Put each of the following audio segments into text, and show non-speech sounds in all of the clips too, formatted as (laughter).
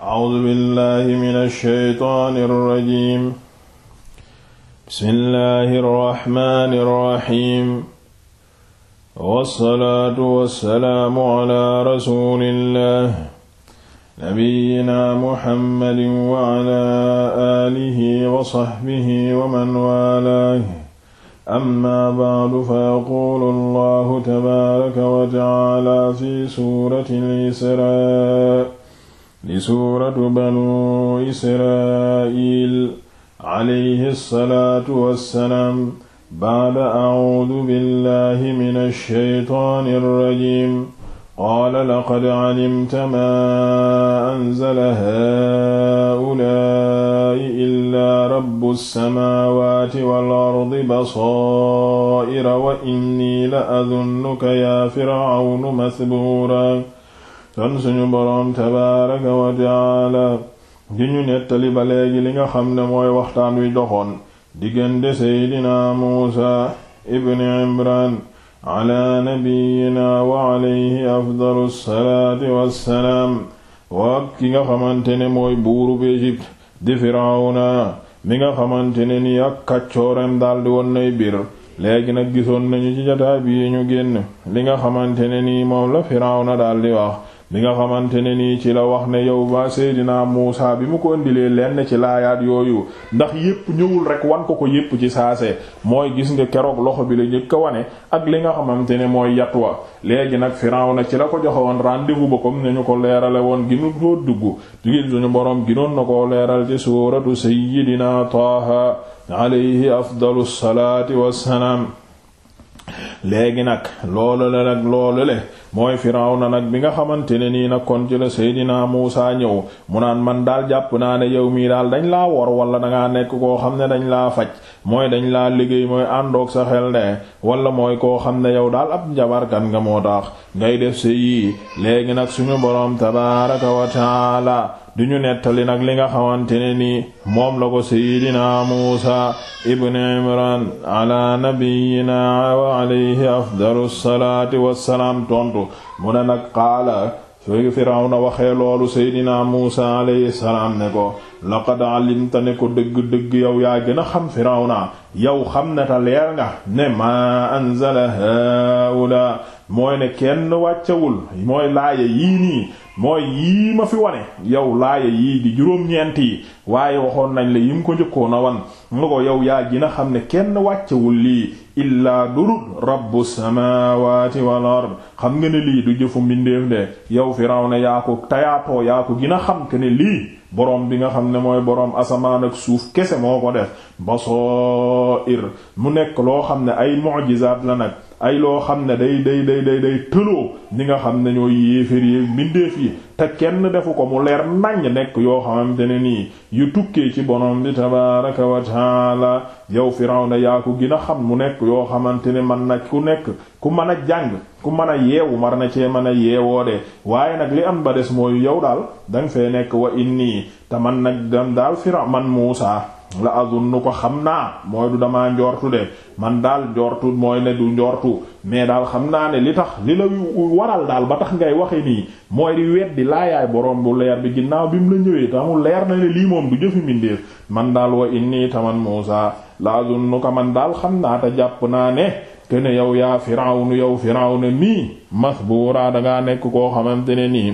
A'uuzu billaahi mina shaytaani rajiim. Bismillaahi rahmaani rahiim. Wassalaatu wassalaamu alaa rasuulillaahi nabiyyinaa Muhammadin wa alaa aalihi wa sahbihi wa man waalaahu. Ammaa ba'du fa-yaquulu Allaahu tabaaraka wa ta'aalaa fi suuratil Israa. di suuratu banu israil alayhi salaatu wassalaam ba'da a'uudu billahi mina shaytaani rajiim qaala laqad calimta maa anzala haa'ulaa'i illaa rabbu samaawaati wal ardi basaa'ira wa innii la adunnuka yaa fircawnu masbuuraa kon suñu boroom tabaaraka wa taala ñu nettali ba léegi li nga xam ne mooy waxtaan wi doxoon diggante seydina muusa ibn imran ala nabiyina wa alayhi afdalu salaati wassalaam waak ki nga xamante ne mooy buurub Égypte di firawna mi nga xamante ne ni ak kàccoorem daldi woon nay biir léegi nag gisoon nañu ci jataa bi ñu génn li nga xamante ne nii moom la firawna daldi wax li nga xamante ne nii ci la wax ne yow ba Seydina Muusa bi mu ko indilee lenn ci laayaat yooyu ndax yépp ñëwul rek wan ko ko yépp ci saase mooy gis nga keroog loxo bi la njëkk a wane ak li nga xamante ne mooy yat wa léegi nag Firawna ci la ko joxewoon rendez-vous ba comme ne ñu ko leerale woon ginu koo dugg jigéen suñu boroom ginoon na ko leeral ci suuratu Seydina Taaha alayhi afdalu salaati wassalaam léegi nag loolu la nag loolu le mooy Firawna nag bi nga xamante ne nii nag kon ci la Seydina Muusaa ñëw mu naan man daal jàpp naa ne yow mii daal dañ laa wor wala dangaa nekk koo xam ne dañ laa faj mooy dañu laa liggéey mooy àndoog sa xel ne wala mooy koo xam ne yow daal ab njabarkan nga moo tax ngay def si yii léegi nag suñu boroom tabaaraka wa taala di ñu nettali nag li nga xamante ne nii moom la ko seydina muusa ibn imran ala nabiyina wa alayhi afdalu salaati wassalaam tontu mu ne nag qaala sooy Firawna waxee loolu Seydina Muusa alayhi salaam ne ko laqad alimta ne ko dégg dégg yow yaa gën a xam Firawna yow xam ne ta leer nga ne maa anzala haula mooy ne kenn wàccewul mooy laaya yii nii mooy yii ma fi wane yow laaya yii di juróom-ñeent yi waaye waxoon nañ la yim ko njëkkoon a wan nga ko yow yaa gën a xam ne kenn wàccewul lii ilaa du rabbu samaawaati wal ard xam nga ne lii du jëfu mbindeef de yow Firawna yaa ko tayaatoo yaa ko gën a xam ke ne lii boroom bi nga xam ne mooy boroom asamaan ak suuf kese moo ko def basoo ir mu nekk loo xam ne ay mu'jizaat la nag ay loo xam ne day day day day day tëloo ñi nga xam ne ñooy yéefér yi mbindeef yi te kenn defu ko mu leer naññ nekk yoo xamante ne nii yu tukkee ci borom bi tabaraka wa taala yow Firawna yaa ko gën a xam mu nekk yoo xamante ne man na ku nekk ku mën a jàng ku mën a yeewu mar na cee mën a yeewoo de waaye nag li am ba des mooy yow daal danga fee nekk wa inni te man nag dem daal fira man Muusaa la azunnu ko xam naa mooy du damaa njortu de man daal njortu mooy ne du njortu mais daal xam naa ne li tax li la waral daal ba tax ngay waxe nii mooy di weddi laayaay borom bu leer bi ginnaaw bi mu la ñëwee tamul leer na ne lii moom du jëfi mbindeef man daal wa inni taman Muusaa la azunnu ko man daal xam naa te jàpp naa ne kene yow yaa Firawnu yow ne nii masbuura dangaa nekk koo xamante ne nii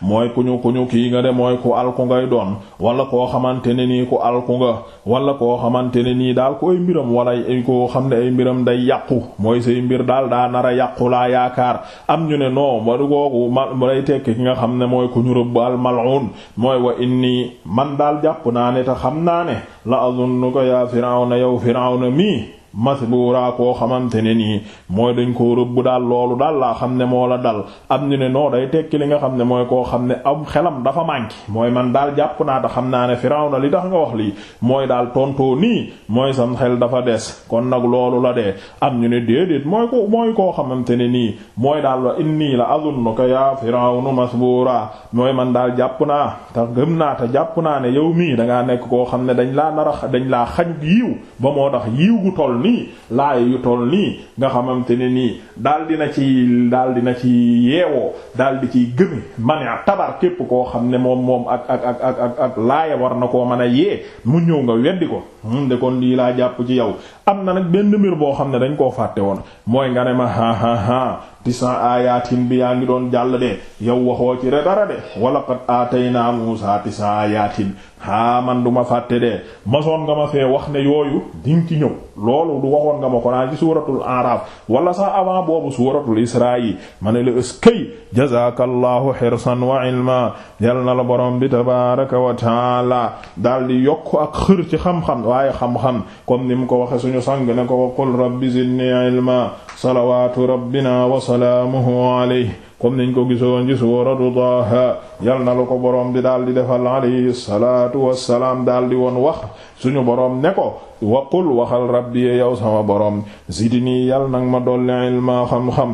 mooy ku ñu ku ñu kii nga de mooy ku alku ngay doon wala koo xamante ne nii ku alku nga wala koo xamante ne nii daal ko ay mbiram wala ay koo xam ne ay mbiram day yàqu mooy say mbir daal daa nar a yàqu laa yaakaar am ñu ne non ma googu ma lay tekki ki nga xam ne mooy ku ñu rëbb al mal'un mooy wa inni man daal jàpp naa ne te xam naa ne la azunnuka yaa firawna yow firawna mii masbuura koo xamante ne nii mooy dañ koo rëbb daal loolu daal laa xam ne moo la dal am ñu ne noo day tekki li nga xam ne mooy koo xam ne am xelam dafa manqué mooy man daal jàpp naa te xam naa ne Firawna li tax nga wax lii mooy daal tontoo nii mooy sam xel dafa des kon nag loolu la dee am ñu ne déedéet mooy koo xamante ne nii mooy daal la inni la azunnuka yaa Firawna masbuura mooy man daal jàpp naa te gëm naa te jàpp naa ne yow mii da ngaa nekk koo xam ne dañ laa nara dañ laa xañ yiw ba moo tax yiw gu toll nii laaya yu toll nii nga xamante ne nii daal na ci daal na ci yeewoo daal di ciy gëmi mane tabar képp koo xam ne moom moom ak ak ak ak ak ak war na koo mën a yee mu ñëw nga weddi ko mun hmm, de kon lii laa jàpp ci yow am na nag benn mbir boo xam ne dañ koo fàtte woon mooy nga ne ma ha ha ha tisan ayatin bi yaa ngi doon jàll de yow waxoo ci redara de wala qad aatayna Muusaa tisan ayatin haa man du ma fàtte de masoon nga ma fee wax ne yooyu dinga ci ñëw loolu du waxoon nga ma ko naa ci suuratul Araaf wala sax avant boobu suuratul Israa yi ma ne la ëskay jazaakallaahu xirsan wa ilma yal na la borom bi tabaaraka wa taala daal di yokk ak xër ci xam-xam waaye xam-xam comme ni mu ko waxe suñu sang ne ko qul rabbi zidni ilma salawaatu rabbina salaamuhu alayhi comme niñ ko gisoon ci suuratu Taaha yal na la ko boroom di daal di defal alayhi salaatu wassalaam daal di woon wax suñu boroom ne ko waqul waxal rabbi yow sama boroom zidni yal nag ma dolli ilma xam-xam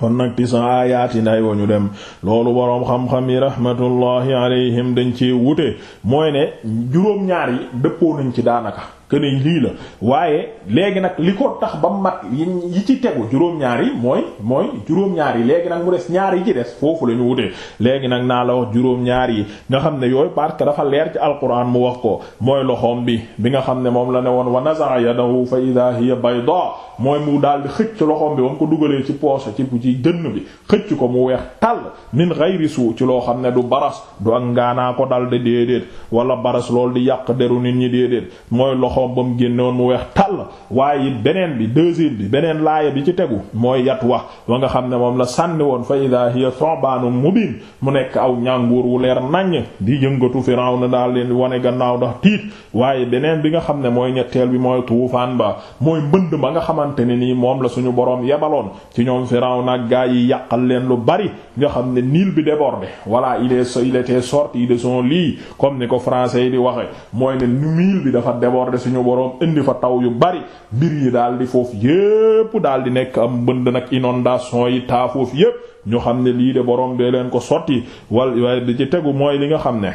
kon nag ti sa aayaati nay wañu dem loolu boroom xam-xam yi rahmatullahi alayhim dañ ci wute mooy ne juróom-ñaar dëppoo nañ ci daanaka këne lii la waaye léegi nag li ko tax ba mat yi ci tegu juróom-ñaar yi mooy mooy juróom-ñaar yi léegi nag mu des ñaar yi ci des foofu la wutee léegi nag naa la wax juróom-ñaar yi nga xam ne yooyu parce que dafa leer ci alquran mu wax ko mooy loxoom bi bi nga xam ne moom la ne woon wa naza'a yadahu fa idha hiya bayda mooy mu daal di xëcc loxoom bi ba ko dugalee ci poche ci ci dënn bi xëcc ko mu weex tàll min ghayri su ci loo xam ne du baras du ko dal de déedéet wala baras loolu di yàq deru nit ñi rob bam génnoon mu weex tàll waaye it beneen bi deuxième bi beneen laaya bi ci tegu mooy yat wax wa nga xam ne moom la sànni woon fa ida hiya sobaanun mubin mu nekk aw ñànguur wu leer naññ di yëngatu Firawna daal leen wane gannaaw ndax tiit waaye beneen bi nga xam ne mooy ñetteel bi mooy tuufaan ba mooy mbënd ma nga xamante ne nii moom la suñu boroom yebaloon ci ñoom Firawna ak gaa yi yàqal leen lu bari nga xam ne niil bi débordé voilà il est il était sorti de son lit comme ni ko suñu boroom indi fa taw yu bari mbir yi daal di foofu yépp daal di nekk am mbënd nag inondation yi taa foofu yépp ñu xam ne lii de boroom bee leen ko sotti wal waaye di ci tegu mooy li nga xam ne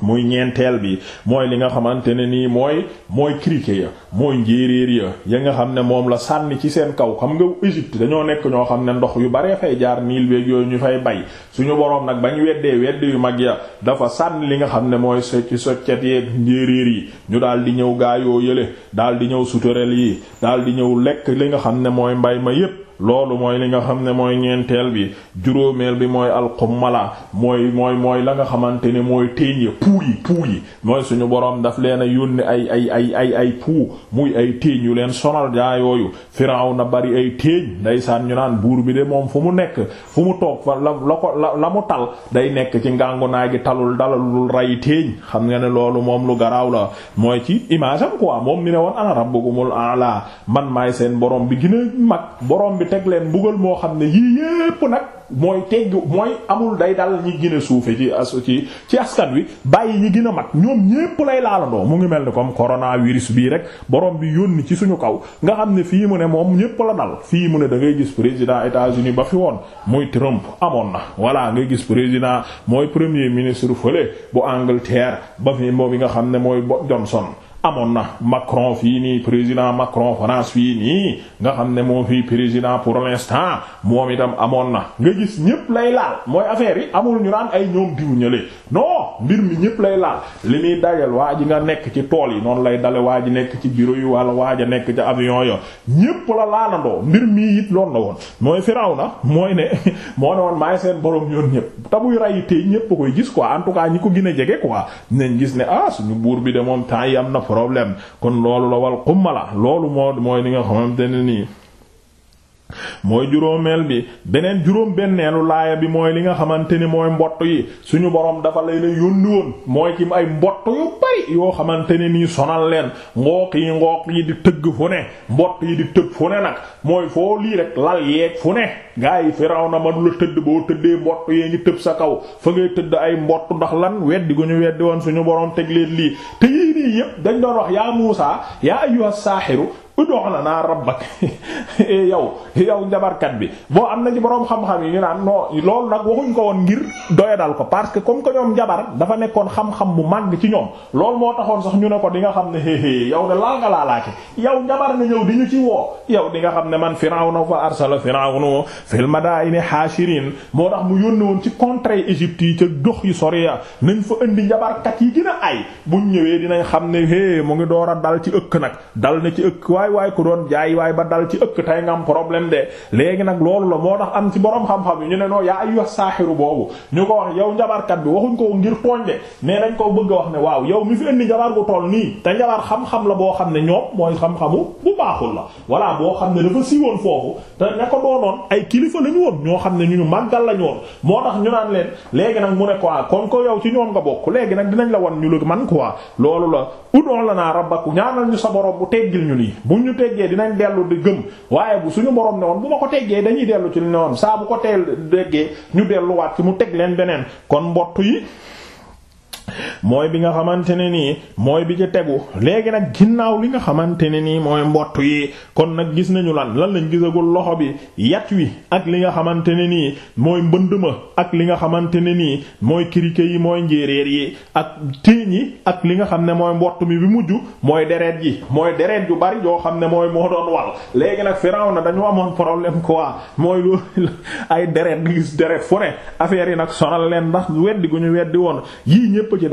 muy ñeenteel bi mooy li nga xamante ne nii mooy mooy criquet ya mooy njéeréer ya ya nga xam ne moom la sànni ci seen kaw xam nga Égypte dañoo nekk ñoo xam ne ndox yu baree fay jaar niil beeg yooyu ñu fay bay suñu boroom nag bañ weddee wedd yu mag ya dafa sànni li nga xam ne mooy socc soccet yeeg njéeréer yi ñu daal di ñëw gaayoo yële daal di ñëw suturel yi daal di ñëw lekk li nga xam ne mooy mbay ma yépp loolu mooy li nga xam ne mooy ñeenteel bi juróomeel bi mooy alxummala mooy mooy mooy la nga xamante ne mooy téeñ ya puu yi puu yi mooy suñu boroom daf leen a yónni ay ay ay ay ay puu muy ay téeñ yu leen sonal jaa yooyu firaw na bari ay téeñ ndeysaan ñu naan buur bi de moom fu mu nekk fu mu toog fa la la la mu tal day nekk ci ngàngu naa gi talul dalalul ray téeñ xam nga ne loolu moom lu garaaw la mooy ci image am quoi moom ni ne woon ana rabbukumul a'la man maay seen borom bi gën teg leen mbugal moo xam ne yii yépp nag mooy tegg mooy amul day dal ñi gën a suufe ci as ci ci askan wi bàyyi ñi gën a mag ñoom ñépp lay laalandoo mu ngi mel ni comme coronavirus bii rek borom bi yónni ci suñu kaw nga xam ne fii mu ne moom ñépp la dal fii mu ne da ngay gis président états uni ba fi woon muy Trump amoon na voilà nga gis président mooy premier ministre fële bu Angleterre ba fi moo bi nga xam ne mooy Johnson amoon na Macron fii nii président Macron France fii nii nga xam ne moo fii président pour l'instant moom itam amoon na nga gis ñépp lay laal mooy affaire yi amul ñu naan ay ñoom diw ñële non mbir mi ñépp lay laal li muy dajal waa ji nga nekk ci tool yi noonu lay dale waa ji nekk ci bureau yi wala waa ja nekk ci avion yo ñépp la laalandoo mbir mii it loon la woon mooy na mooy ne (laughs) moo ne woon maay seen borom yoon ñépp te buy ray tey ñépp koy gis ko en tout cas ñi ko gën a jege quoi nañ gis ne ah suñu buur bi de moom temps yi am na problème kon loolu la wal xumma la loolu moo mooy li nga xamante ne nii mooy juróomeel bi beneen juróom benneelu laaya bi mooy li nga xamante ni mooy mbott yi suñu borom dafa lay leen yónni woon mooy ci ay mbott yu bari yoo xamante ne nii sonal leen ngooq yi ngooq yi di tëgg fu ne mbott yi di tëgg fu ne nag mooy foo lii rek lal yeeg fu ne gaa yi firaw na ma du la tëdd boo tëddee mbott yee ngi tëb sa kaw fa ngay tëdd ay mbott ndax lan weddi gu ñu weddi woon suñu borom teg leen lii te yii nii yépp dañ doon wax yaa Muusa ud'u lanaa rabbak (laughs) eh, yow yow njabarkat bi boo am na ci boroom xam-xam yi ñu naan non loolu nag waxuñ ko woon ngir doyadal ko parce que comme que ñoom njabar dafa nekkoon xam-xam bu màgg ci ñoom loolu moo taxoon sax ñu ne ko di nga xam ne héehée yow de laal nga laalaake yow njabar na ñëw di ñu ci woo yow di nga xam ne man firawna fa arsala firawna fil madaa'ini haashirin moo tax mu woon ci contrée Égypte yi ca dox yi sori ya nañ indi njabarkat yi gën a ay ñëwee dinañ xam ne mu ngi door a dal ci ëkk nag dal na ci ëkk waay waay ku doon jaay waay ba dal ci ëkk tey nga am problème de léegi nag loolu la moo tax am ci borom xam-xam yi ñu ne noo yaa ayu saaxiru boobu ñu ko wax yow njabarkat bi waxuñ ko ngir tooñ de mais dañ koo bëgg a wax ne waaw yow mi fi indi njabar gu toll nii te njabar xam-xam la boo xam ne ñoom mooy xam-xamu baaxul la voilà boo xam ne dafa siiwoon foofu te ne ko doonoon ay kilifa la ñu woon ñoo xam ne ñu ñu màggal la ñu woon moo tax ñu naan leen léegi nag mu ne quoi kon ko yow ci ñoom nga bokk léegi nag dinañ la wan ñu lu man quoi loolu la udon la naa rabbaku ñaanal ñu sa borom bu teggil ñu lii bu ñu teggee dinañ dellu di gëm waaye bu suñu boroom ne woon bu ma ko teggee dañuy dellu ci li ne woon saa bu ko teel déggee ñu delluwaat ci mu teg leen beneen kon mooy bi nga xamante ne nii mooy bi ci tegu léegi nag ginnaaw li nga xamante ne nii mooy mbott yi kon nag gis nañu lan lan lañ gisagul loxo bi yat wi ak li nga xamante ne nii mooy mbënd ma ak li nga xamante ne nii mooy kirike yi mooy njéeréer yi ak téeñ yi ak li nga xam ne mooy mbott mi bi mujj mooy deret yi mooy deret yu bari yoo xam ne mooy moo doon wal léegi nag na dañu amoon problème quoi mooy loolu ay deret gis deret fu ne affaire yi nag sonal leen ndax weddi gu woon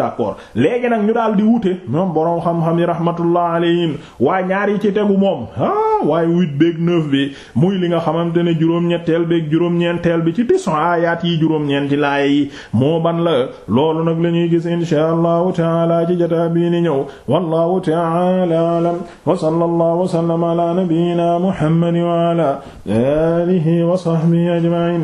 d'accord léegi nag ñu daal di wute ñoom borom xam-xam yi rahmatullah alayhim waaye ñaar yi ci tegu moom ah waaye huit beeg neuf bi muy li nga xamante ne juróom-ñetteel beeg juróom-ñeenteel bi ci tison aayaat yi juróom-ñeent ci laay yi moo ban la loolu nag lañuy ñuy gis insha allahu taala ci jataa bii ni ñëw wallahu taala alam wa sallallahu wa sallama ala nabiyyina muhammad wa ala alihi wa sahbihi ajma'in